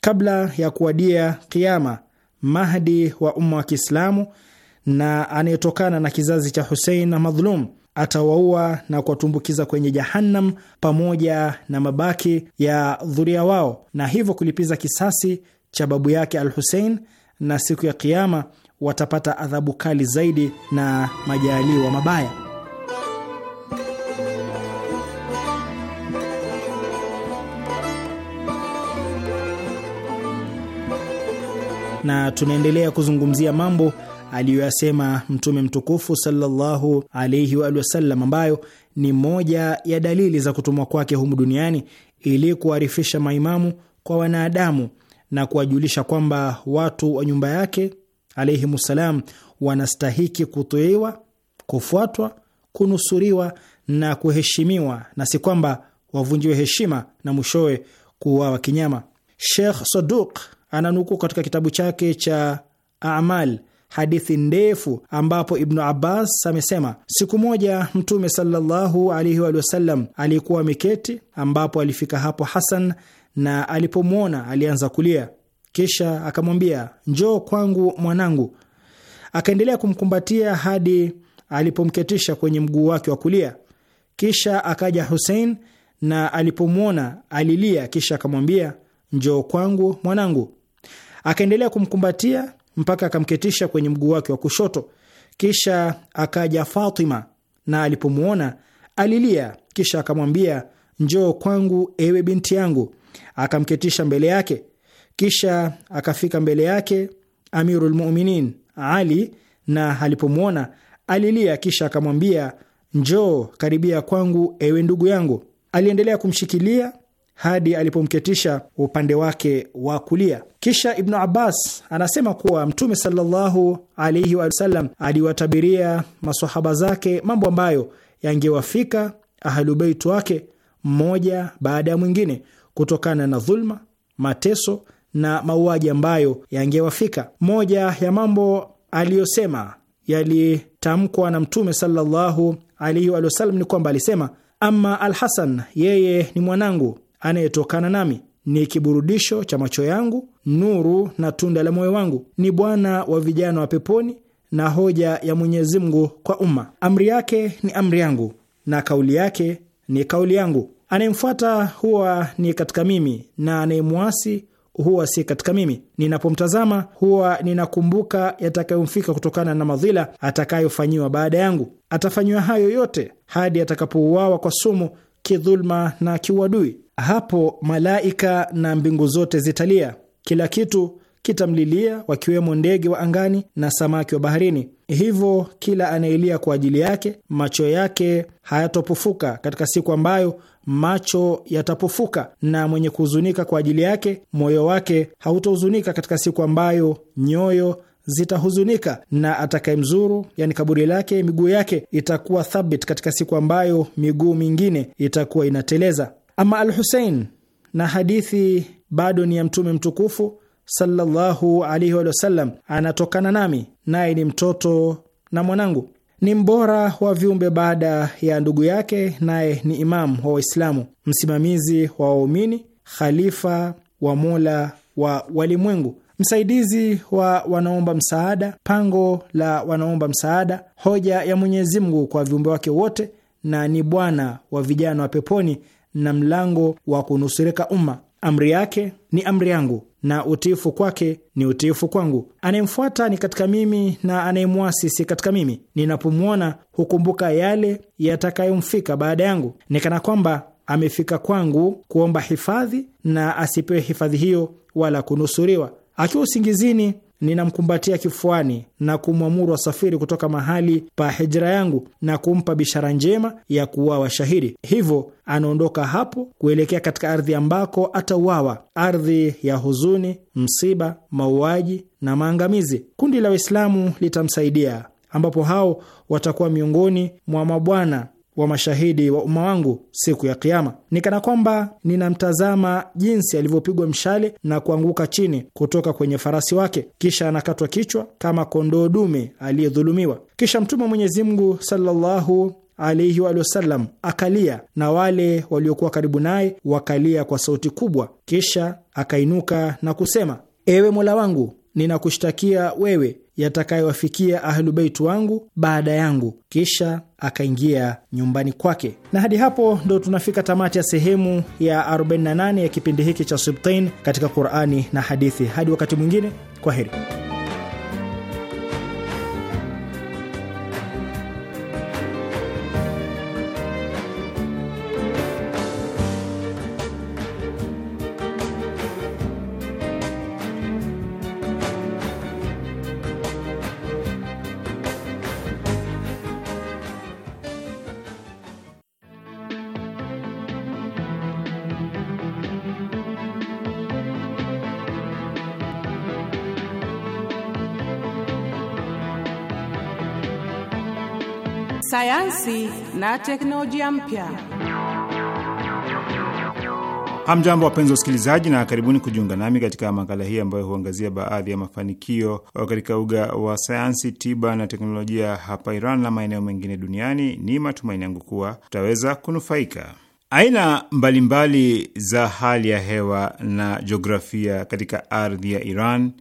Kabla ya kuwadia kiama, Mahdi wa umma wa Kiislamu na anayetokana na kizazi cha Husein na madhulum atawaua na kuwatumbukiza kwenye Jahannam pamoja na mabaki ya dhuria wao, na hivyo kulipiza kisasi cha babu yake Al Husein, na siku ya Kiama watapata adhabu kali zaidi na majaaliwa mabaya. na tunaendelea kuzungumzia mambo aliyoyasema Mtume mtukufu sallallahu alaihi wa wasallam, ambayo ni moja ya dalili za kutumwa kwake humu duniani ili kuarifisha maimamu kwa wanadamu na kuwajulisha kwamba watu wa nyumba yake alaihimussalam wanastahiki kutuiwa kufuatwa, kunusuriwa na kuheshimiwa, na si kwamba wavunjiwe heshima na mwishowe kuuawa kinyama. Sheikh Saduq ananukuu katika kitabu chake cha Amal hadithi ndefu ambapo Ibnu Abbas amesema siku moja Mtume sallallahu alaihi wa sallam alikuwa ameketi, ambapo alifika hapo Hasan na alipomwona alianza kulia, kisha akamwambia njoo kwangu mwanangu. Akaendelea kumkumbatia hadi alipomketisha kwenye mguu wake wa kulia. Kisha akaja Husein na alipomwona alilia, kisha akamwambia njoo kwangu mwanangu. Akaendelea kumkumbatia mpaka akamketisha kwenye mguu wake wa kushoto. Kisha akaja Fatima, na alipomwona alilia, kisha akamwambia, njoo kwangu ewe binti yangu. Akamketisha mbele yake, kisha akafika mbele yake Amirul Mu'minin Ali, na alipomwona alilia, kisha akamwambia, njoo karibia kwangu ewe ndugu yangu. Aliendelea kumshikilia hadi alipomketisha upande wake wa kulia. Kisha Ibnu Abbas anasema kuwa Mtume sallallahu alaihi wasallam aliwatabiria masahaba zake mambo ambayo yangewafika ahlubeit wake mmoja baada ya mwingine kutokana na dhulma, mateso na mauaji ambayo yangewafika. Moja ya mambo aliyosema yalitamkwa na Mtume sallallahu alaihi wasallam ni kwamba alisema, ama Alhasan, yeye ni mwanangu anayetokana nami, ni kiburudisho cha macho yangu, nuru na tunda la moyo wangu, ni Bwana wa vijana wa peponi na hoja ya Mwenyezi Mungu kwa umma. Amri yake ni amri yangu na kauli yake ni kauli yangu. Anayemfuata huwa ni katika mimi na anayemwasi huwa si katika mimi. Ninapomtazama huwa ninakumbuka yatakayomfika kutokana na madhila atakayofanyiwa baada yangu. Atafanyiwa hayo yote hadi atakapouawa kwa sumu, kidhuluma na kiuadui hapo malaika na mbingu zote zitalia, kila kitu kitamlilia, wakiwemo ndege wa angani na samaki wa baharini. Hivyo kila anayelia kwa ajili yake macho yake hayatopofuka katika siku ambayo macho yatapofuka, na mwenye kuhuzunika kwa ajili yake moyo wake hautohuzunika katika siku ambayo nyoyo zitahuzunika, na atakayemzuru yani kaburi lake miguu yake itakuwa thabit katika siku ambayo miguu mingine itakuwa inateleza. Ama al Husein, na hadithi bado ni ya Mtume mtukufu sallallahu alaihi wasallam, anatokana nami, naye ni mtoto na mwanangu ni mbora wa viumbe baada ya ndugu yake, naye ni imamu wa Waislamu, msimamizi wa waumini, khalifa wa Mola wa walimwengu, msaidizi wa wanaomba msaada, pango la wanaomba msaada, hoja ya Mwenyezi Mungu kwa viumbe wake wote, na ni bwana wa vijana wa peponi na mlango wa kunusurika umma. Amri yake ni amri yangu na utiifu kwake ni utiifu kwangu. Anayemfuata ni katika mimi na anayemwasi si katika mimi. Ninapomwona hukumbuka yale yatakayomfika baada yangu, ni kana kwamba amefika kwangu kuomba hifadhi na asipewe hifadhi hiyo wala kunusuriwa. Akiwa usingizini ninamkumbatia kifuani na kumwamuru wasafiri kutoka mahali pa hijra yangu na kumpa bishara njema ya kuuawa shahidi. Hivyo anaondoka hapo kuelekea katika ardhi ambako atauawa, ardhi ya huzuni, msiba, mauaji na maangamizi. Kundi la Waislamu litamsaidia ambapo hao watakuwa miongoni mwa mabwana wa mashahidi wa umma wangu siku ya Kiama. Nikana kwamba ninamtazama jinsi alivyopigwa mshale na kuanguka chini kutoka kwenye farasi wake, kisha anakatwa kichwa kama kondoo dume aliyedhulumiwa. Kisha Mtume wa Mwenyezi Mungu sallallahu alaihi wa sallam akalia na wale waliokuwa karibu naye wakalia kwa sauti kubwa. Kisha akainuka na kusema, ewe mola wangu, ninakushtakia wewe yatakayowafikia ahlubeit wangu baada yangu, kisha akaingia nyumbani kwake. Na hadi hapo ndo tunafika tamati ya sehemu ya 48 ya kipindi hiki cha Sibtain katika Qurani na Hadithi. Hadi wakati mwingine, kwa heri.
sayansi na teknolojia mpya.
Hamjambo, wapenzi wa usikilizaji, na karibuni kujiunga nami katika makala hii ambayo huangazia baadhi ya mafanikio uh, katika uga wa sayansi, tiba na teknolojia hapa Iran na maeneo mengine duniani. Ni matumaini yangu kuwa tutaweza kunufaika. Aina mbalimbali za hali ya hewa na jiografia katika ardhi ya Iran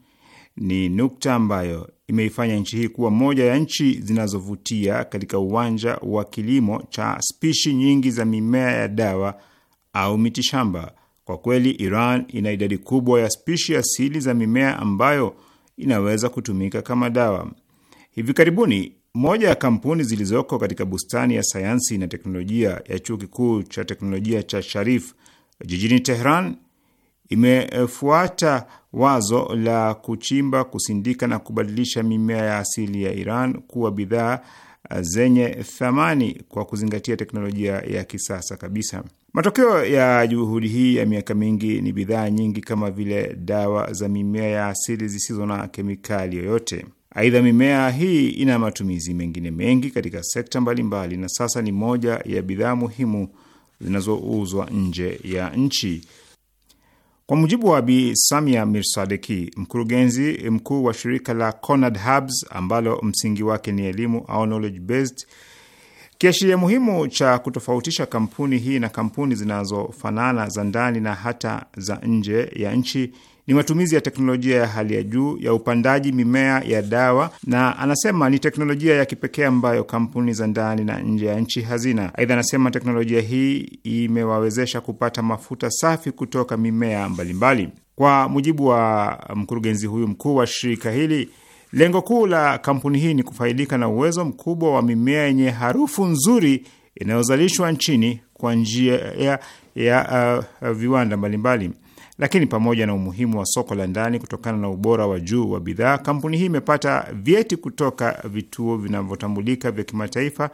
ni nukta ambayo imeifanya nchi hii kuwa moja ya nchi zinazovutia katika uwanja wa kilimo cha spishi nyingi za mimea ya dawa au mitishamba. Kwa kweli, Iran ina idadi kubwa ya spishi asili za mimea ambayo inaweza kutumika kama dawa. Hivi karibuni moja ya kampuni zilizoko katika bustani ya sayansi na teknolojia ya chuo kikuu cha teknolojia cha Sharif jijini Tehran imefuata wazo la kuchimba, kusindika na kubadilisha mimea ya asili ya Iran kuwa bidhaa zenye thamani kwa kuzingatia teknolojia ya kisasa kabisa. Matokeo ya juhudi hii ya miaka mingi ni bidhaa nyingi kama vile dawa za mimea ya asili zisizo na kemikali yoyote. Aidha, mimea hii ina matumizi mengine mengi katika sekta mbalimbali mbali, na sasa ni moja ya bidhaa muhimu zinazouzwa nje ya nchi. Kwa mujibu wa Bi Samia Mirsadeki, mkurugenzi mkuu wa shirika la Conard Hubs ambalo msingi wake ni elimu au knowledge based, kiashiria muhimu cha kutofautisha kampuni hii na kampuni zinazofanana za ndani na hata za nje ya nchi ni matumizi ya teknolojia ya hali ya juu ya upandaji mimea ya dawa, na anasema ni teknolojia ya kipekee ambayo kampuni za ndani na nje ya nchi hazina. Aidha, anasema teknolojia hii imewawezesha kupata mafuta safi kutoka mimea mbalimbali. Kwa mujibu wa mkurugenzi huyu mkuu wa shirika hili, lengo kuu la kampuni hii ni kufaidika na uwezo mkubwa wa mimea yenye harufu nzuri inayozalishwa nchini kwa njia ya, ya uh, viwanda mbalimbali mbali. Lakini pamoja na umuhimu wa soko la ndani kutokana na ubora wa juu wa bidhaa, kampuni hii imepata vyeti kutoka vituo vinavyotambulika vya kimataifa,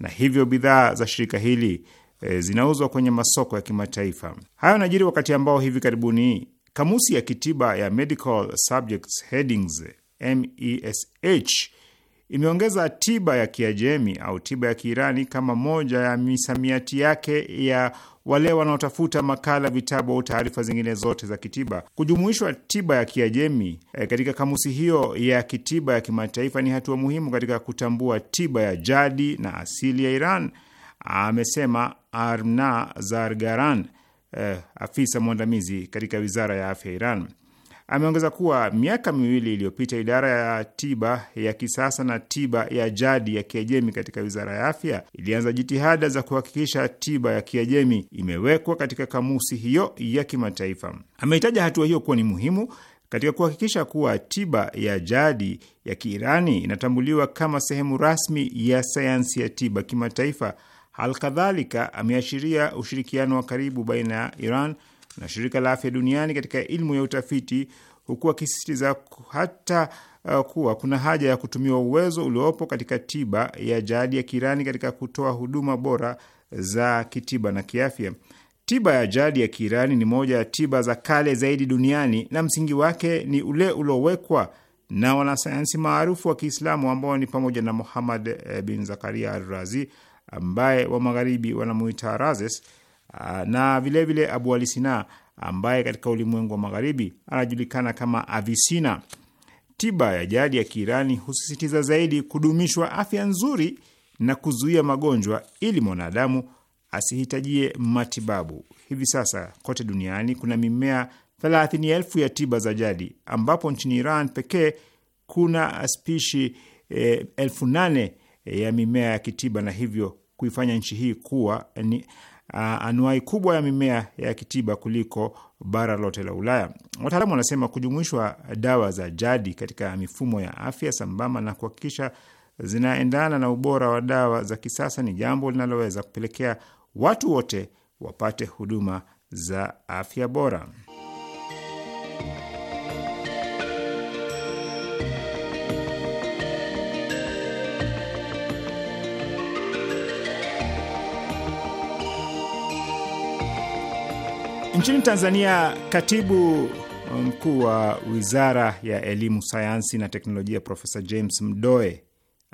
na hivyo bidhaa za shirika hili e, zinauzwa kwenye masoko ya kimataifa. Hayo yanajiri wakati ambao hivi karibuni kamusi ya kitiba ya Medical Subjects Headings, MESH imeongeza tiba ya Kiajemi au tiba ya Kiirani kama moja ya misamiati yake ya wale wanaotafuta makala, vitabu au taarifa zingine zote za kitiba. Kujumuishwa tiba ya Kiajemi e, katika kamusi hiyo ya kitiba ya kimataifa ni hatua muhimu katika kutambua tiba ya jadi na asili ya Iran, amesema Arna Zargaran, e, afisa mwandamizi katika wizara ya afya ya Iran. Ameongeza kuwa miaka miwili iliyopita idara ya tiba ya kisasa na tiba ya jadi ya Kiajemi katika wizara ya afya ilianza jitihada za kuhakikisha tiba ya Kiajemi imewekwa katika kamusi hiyo ya kimataifa. Ameitaja hatua hiyo kuwa ni muhimu katika kuhakikisha kuwa tiba ya jadi ya Kiirani inatambuliwa kama sehemu rasmi ya sayansi ya tiba kimataifa. Hal kadhalika ameashiria ushirikiano wa karibu baina ya Iran na shirika la afya duniani katika ilmu ya utafiti, huku akisisitiza hata uh, kuwa kuna haja ya kutumiwa uwezo uliopo katika tiba ya jadi ya Kirani katika kutoa huduma bora za kitiba na kiafya. Tiba ya jadi ya Kiirani ni moja ya tiba za kale zaidi duniani na msingi wake ni ule uliowekwa na wanasayansi maarufu wa Kiislamu ambao ni pamoja na Muhammad eh, bin Zakaria Arrazi ambaye wa Magharibi wanamuita razes Ah, na vilevile vile Abu Alisina ambaye katika ulimwengu wa magharibi anajulikana kama Avisina. Tiba ya jadi ya Kiirani husisitiza zaidi kudumishwa afya nzuri na kuzuia magonjwa ili mwanadamu asihitajie matibabu. Hivi sasa kote duniani kuna mimea thelathini elfu ya tiba za jadi ambapo nchini Iran pekee kuna spishi eh, elfu nane ya mimea ya kitiba na hivyo kuifanya nchi hii kuwa ni Ah, anuai kubwa ya mimea ya kitiba kuliko bara lote la Ulaya. Wataalamu wanasema kujumuishwa dawa za jadi katika mifumo ya afya sambamba na kuhakikisha zinaendana na ubora wa dawa za kisasa ni jambo linaloweza kupelekea watu wote wapate huduma za afya bora. Nchini Tanzania, katibu mkuu wa wizara ya elimu, sayansi na teknolojia Profesa James Mdoe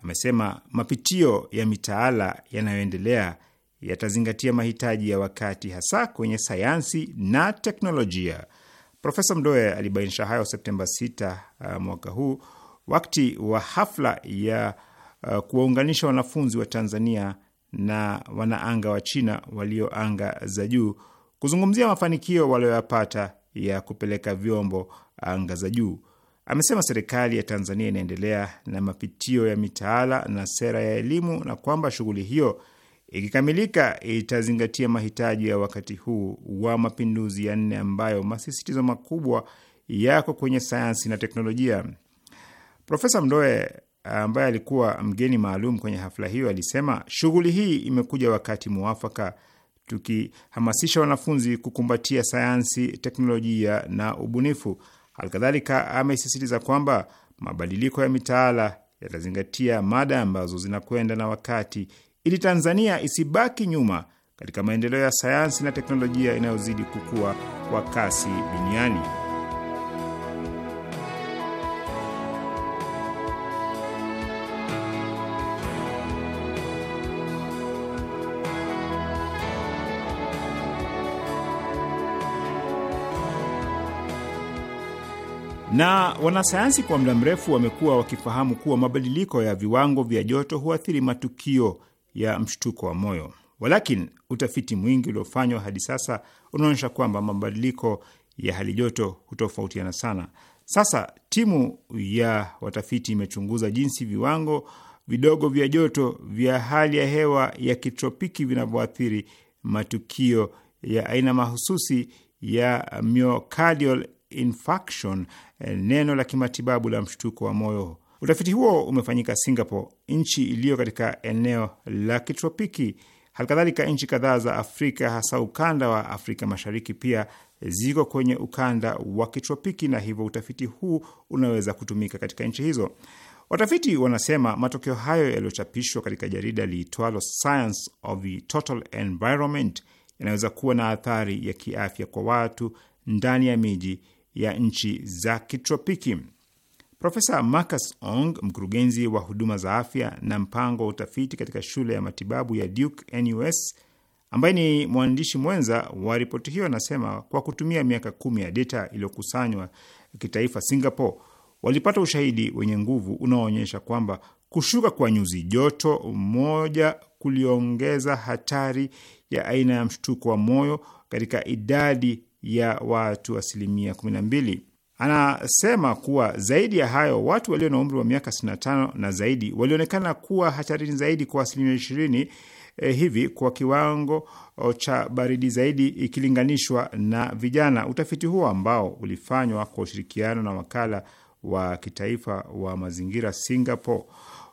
amesema mapitio ya mitaala yanayoendelea yatazingatia mahitaji ya wakati, hasa kwenye sayansi na teknolojia. Profesa Mdoe alibainisha hayo Septemba 6 uh, mwaka huu wakati wa hafla ya uh, kuwaunganisha wanafunzi wa Tanzania na wanaanga wa China walioanga za juu kuzungumzia mafanikio walioyapata ya kupeleka vyombo anga za juu. Amesema serikali ya Tanzania inaendelea na mapitio ya mitaala na sera ya elimu na kwamba shughuli hiyo ikikamilika itazingatia mahitaji ya wakati huu wa mapinduzi ya nne ambayo masisitizo makubwa yako kwenye sayansi na teknolojia. Profesa Mdoe ambaye alikuwa mgeni maalum kwenye hafla hiyo alisema shughuli hii imekuja wakati muafaka tukihamasisha wanafunzi kukumbatia sayansi, teknolojia na ubunifu. Halikadhalika, amesisitiza kwamba mabadiliko ya mitaala yatazingatia mada ambazo zinakwenda na wakati ili Tanzania isibaki nyuma katika maendeleo ya sayansi na teknolojia inayozidi kukua kwa kasi duniani. Na wanasayansi kwa muda mrefu wamekuwa wakifahamu kuwa mabadiliko ya viwango vya joto huathiri matukio ya mshtuko wa moyo. Walakin, utafiti mwingi uliofanywa hadi sasa unaonyesha kwamba mabadiliko ya hali joto hutofautiana sana. Sasa timu ya watafiti imechunguza jinsi viwango vidogo vya joto vya hali ya hewa ya kitropiki vinavyoathiri matukio ya aina mahususi ya myocardial infarction, eh, neno la kimatibabu la mshtuko wa moyo. Utafiti huo umefanyika Singapore, nchi iliyo katika eneo la kitropiki. Halikadhalika, nchi kadhaa za Afrika hasa ukanda wa Afrika Mashariki pia ziko kwenye ukanda wa kitropiki, na hivyo utafiti huu unaweza kutumika katika nchi hizo. Watafiti wanasema matokeo hayo yaliyochapishwa katika jarida liitwalo Science of the Total Environment yanaweza kuwa na athari ya kiafya kwa watu ndani ya miji ya nchi za kitropiki. Profesa Marcus Ong, mkurugenzi wa huduma za afya na mpango wa utafiti katika shule ya matibabu ya Duke NUS, ambaye ni mwandishi mwenza wa ripoti hiyo, anasema kwa kutumia miaka kumi ya data iliyokusanywa kitaifa, Singapore walipata ushahidi wenye nguvu unaoonyesha kwamba kushuka kwa nyuzi joto moja kuliongeza hatari ya aina ya mshtuko wa moyo katika idadi ya watu asilimia 12. Anasema kuwa zaidi ya hayo, watu walio na umri wa miaka 65 na zaidi walionekana kuwa hatarini zaidi kwa asilimia 20 eh, hivi kwa kiwango cha baridi zaidi ikilinganishwa na vijana. Utafiti huo ambao ulifanywa kwa ushirikiano na wakala wa kitaifa wa mazingira Singapore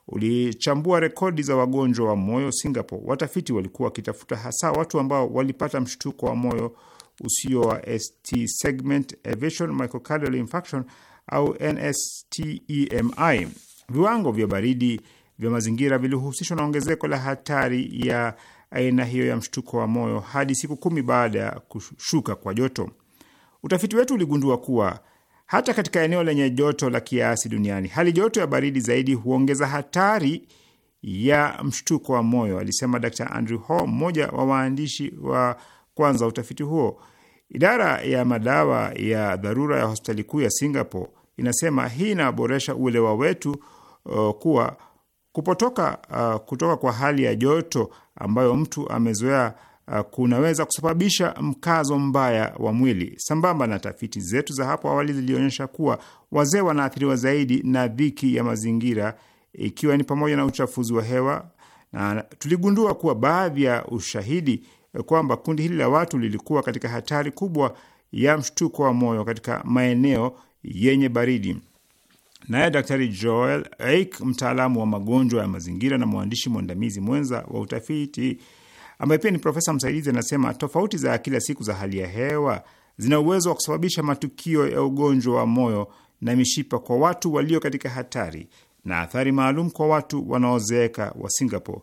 ulichambua rekodi za wagonjwa wa moyo Singapore. Watafiti walikuwa wakitafuta hasa watu ambao walipata mshtuko wa moyo usio wa ST segment evasion microcardial infarction au NSTEMI. Viwango vya baridi vya mazingira vilihusishwa na ongezeko la hatari ya aina hiyo ya mshtuko wa moyo hadi siku kumi baada ya kushuka kwa joto. Utafiti wetu uligundua kuwa hata katika eneo lenye joto la kiasi duniani, hali joto ya baridi zaidi huongeza hatari ya mshtuko wa moyo, alisema Dr Andrew Ho, mmoja wa waandishi wa kwanza utafiti huo. Idara ya madawa ya dharura ya hospitali kuu ya Singapore inasema hii inaboresha uelewa wetu uh, kuwa kupotoka uh, kutoka kwa hali ya joto ambayo mtu amezoea uh, kunaweza kusababisha mkazo mbaya wa mwili. Sambamba na tafiti zetu za hapo awali zilionyesha kuwa wazee wanaathiriwa zaidi na dhiki ya mazingira, ikiwa ni pamoja na uchafuzi wa hewa, na tuligundua kuwa baadhi ya ushahidi kwamba kundi hili la watu lilikuwa katika hatari kubwa ya mshtuko wa moyo katika maeneo yenye baridi. Naye Daktari Joel Eik, mtaalamu wa magonjwa ya mazingira na mwandishi mwandamizi mwenza wa utafiti ambaye pia ni profesa msaidizi, anasema tofauti za kila siku za hali ya hewa zina uwezo wa kusababisha matukio ya ugonjwa wa moyo na mishipa kwa watu walio katika hatari na athari maalum kwa watu wanaozeeka wa Singapore.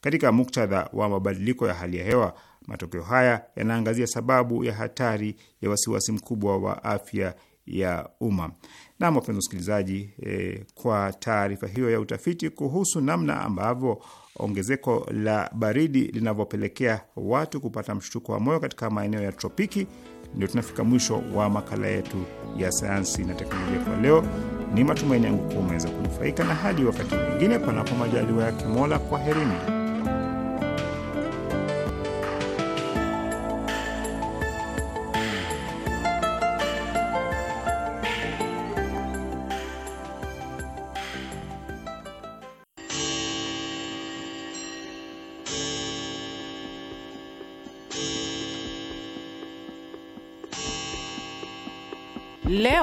Katika muktadha wa mabadiliko ya hali ya hewa, Matokeo haya yanaangazia sababu ya hatari ya wasiwasi mkubwa wa afya ya umma. Nam, wapenzi wasikilizaji, eh, kwa taarifa hiyo ya utafiti kuhusu namna ambavyo ongezeko la baridi linavyopelekea watu kupata mshtuko wa moyo katika maeneo ya tropiki, ndio tunafika mwisho wa makala yetu ya sayansi na teknolojia kwa leo. Ni matumaini yangu kuwa umeweza kunufaika, na hadi wakati mwingine, panapo majaliwa yake Mola, kwaherini.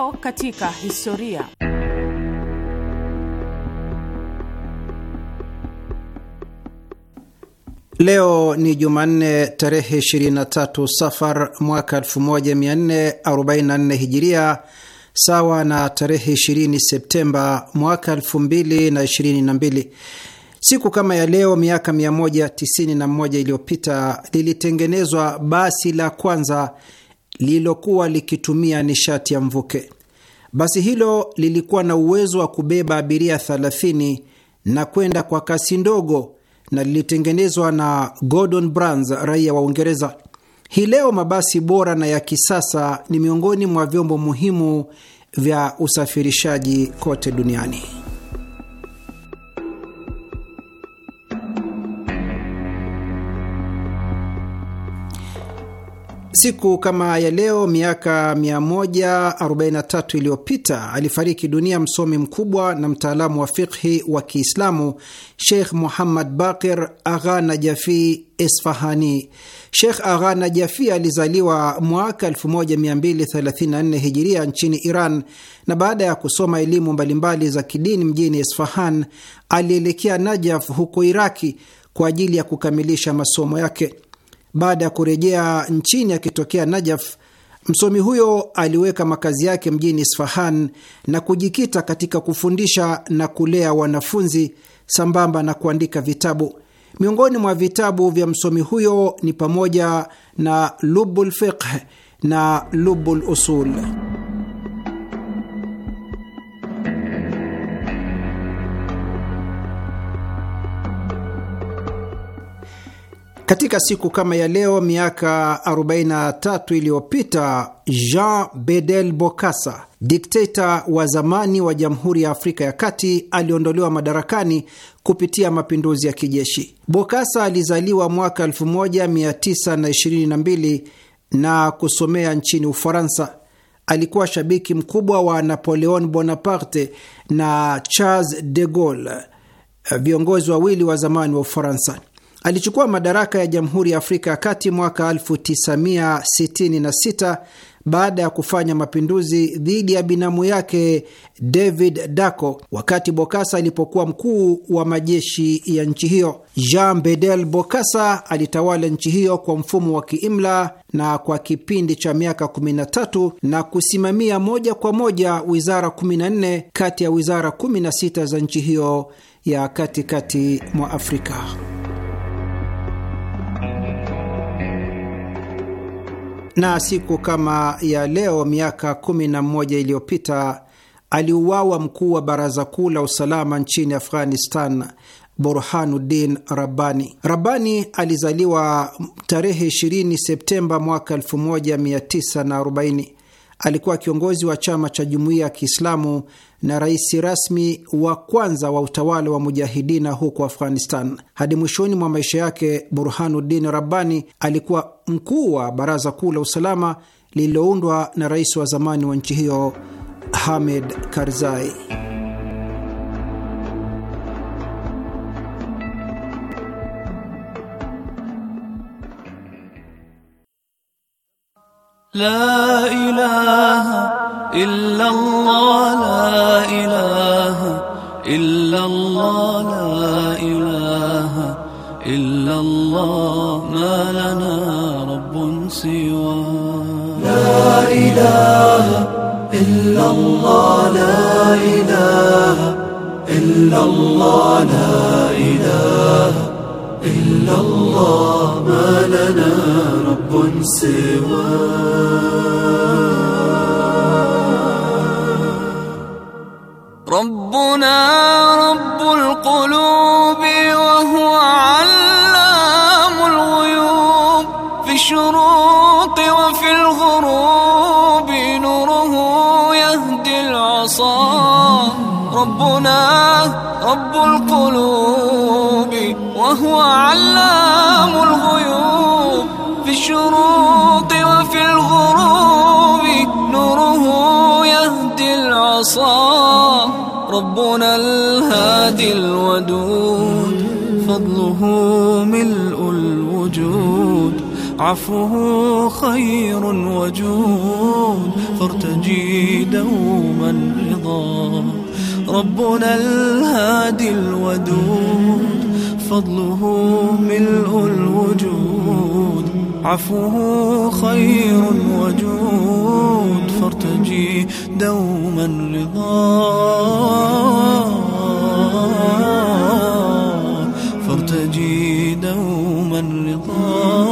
Leo katika historia.
Leo ni Jumanne tarehe 23 Safar mwaka 1444 Hijiria, sawa na tarehe 20 Septemba mwaka 2022. Siku kama ya leo miaka 191 iliyopita lilitengenezwa basi la kwanza lililokuwa likitumia nishati ya mvuke. Basi hilo lilikuwa na uwezo wa kubeba abiria 30 na kwenda kwa kasi ndogo na lilitengenezwa na Gordon Brans, raia wa Uingereza. Hii leo mabasi bora na ya kisasa ni miongoni mwa vyombo muhimu vya usafirishaji kote duniani. Siku kama ya leo miaka 143 iliyopita alifariki dunia msomi mkubwa na mtaalamu wa fikhi wa Kiislamu Sheikh Muhammad Baqir Agha Najafi Esfahani. Sheikh Agha Najafi alizaliwa mwaka 1234 hijiria nchini Iran, na baada ya kusoma elimu mbalimbali za kidini mjini Esfahan alielekea Najaf huko Iraki kwa ajili ya kukamilisha masomo yake baada ya kurejea nchini akitokea Najaf. Msomi huyo aliweka makazi yake mjini Isfahan na kujikita katika kufundisha na kulea wanafunzi sambamba na kuandika vitabu. Miongoni mwa vitabu vya msomi huyo ni pamoja na Lubul Fiqh na Lubul Usul. Katika siku kama ya leo miaka 43 iliyopita Jean Bedel Bokassa, dikteta wa zamani wa Jamhuri ya Afrika ya Kati, aliondolewa madarakani kupitia mapinduzi ya kijeshi. Bokassa alizaliwa mwaka 1922 na kusomea nchini Ufaransa. Alikuwa shabiki mkubwa wa Napoleon Bonaparte na Charles de Gaulle, viongozi wawili wa zamani wa Ufaransa. Alichukua madaraka ya Jamhuri ya Afrika ya Kati mwaka 1966 baada ya kufanya mapinduzi dhidi ya binamu yake David daco wakati bokasa alipokuwa mkuu wa majeshi ya nchi hiyo. Jean Bedel bokasa alitawala nchi hiyo kwa mfumo wa kiimla na kwa kipindi cha miaka 13 na kusimamia moja kwa moja wizara 14 kati ya wizara 16 za nchi hiyo ya katikati mwa Afrika. na siku kama ya leo miaka kumi na mmoja iliyopita aliuawa mkuu wa baraza kuu la usalama nchini Afghanistan Burhanuddin Rabbani. Rabbani alizaliwa tarehe 20 Septemba mwaka 1940 Alikuwa kiongozi wa chama cha jumuiya ya Kiislamu na rais rasmi wa kwanza wa utawala wa mujahidina huko Afghanistan. Hadi mwishoni mwa maisha yake, Burhanuddin Rabbani alikuwa mkuu wa baraza kuu la usalama lililoundwa na rais wa zamani wa nchi hiyo Hamid Karzai.
لا إله إلا الله لا إله إلا الله لا إله إلا الله ما لنا رب سوى لا إله إلا الله لا إله إلا الله لا إله إلا الله ما لنا رب سواه ربنا رب القلوب وهو علام الغيوب في شرور وهو علام الغيوب في الشروق وفي الغروب نوره يهدي العصا ربنا الهادي الودود فضله ملء الوجود عفوه خير وجود فارتجي دوما رضا ربنا الهادي الودود فضله ملء الوجود عفوه خير وجود فارتجي دوما رضا فارتجي دوما رضا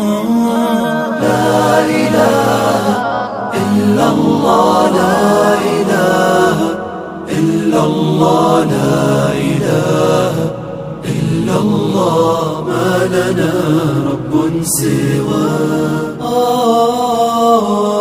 لا
إله إلا الله
لا إله إلا الله لا إله ما لنا رب سواه آه.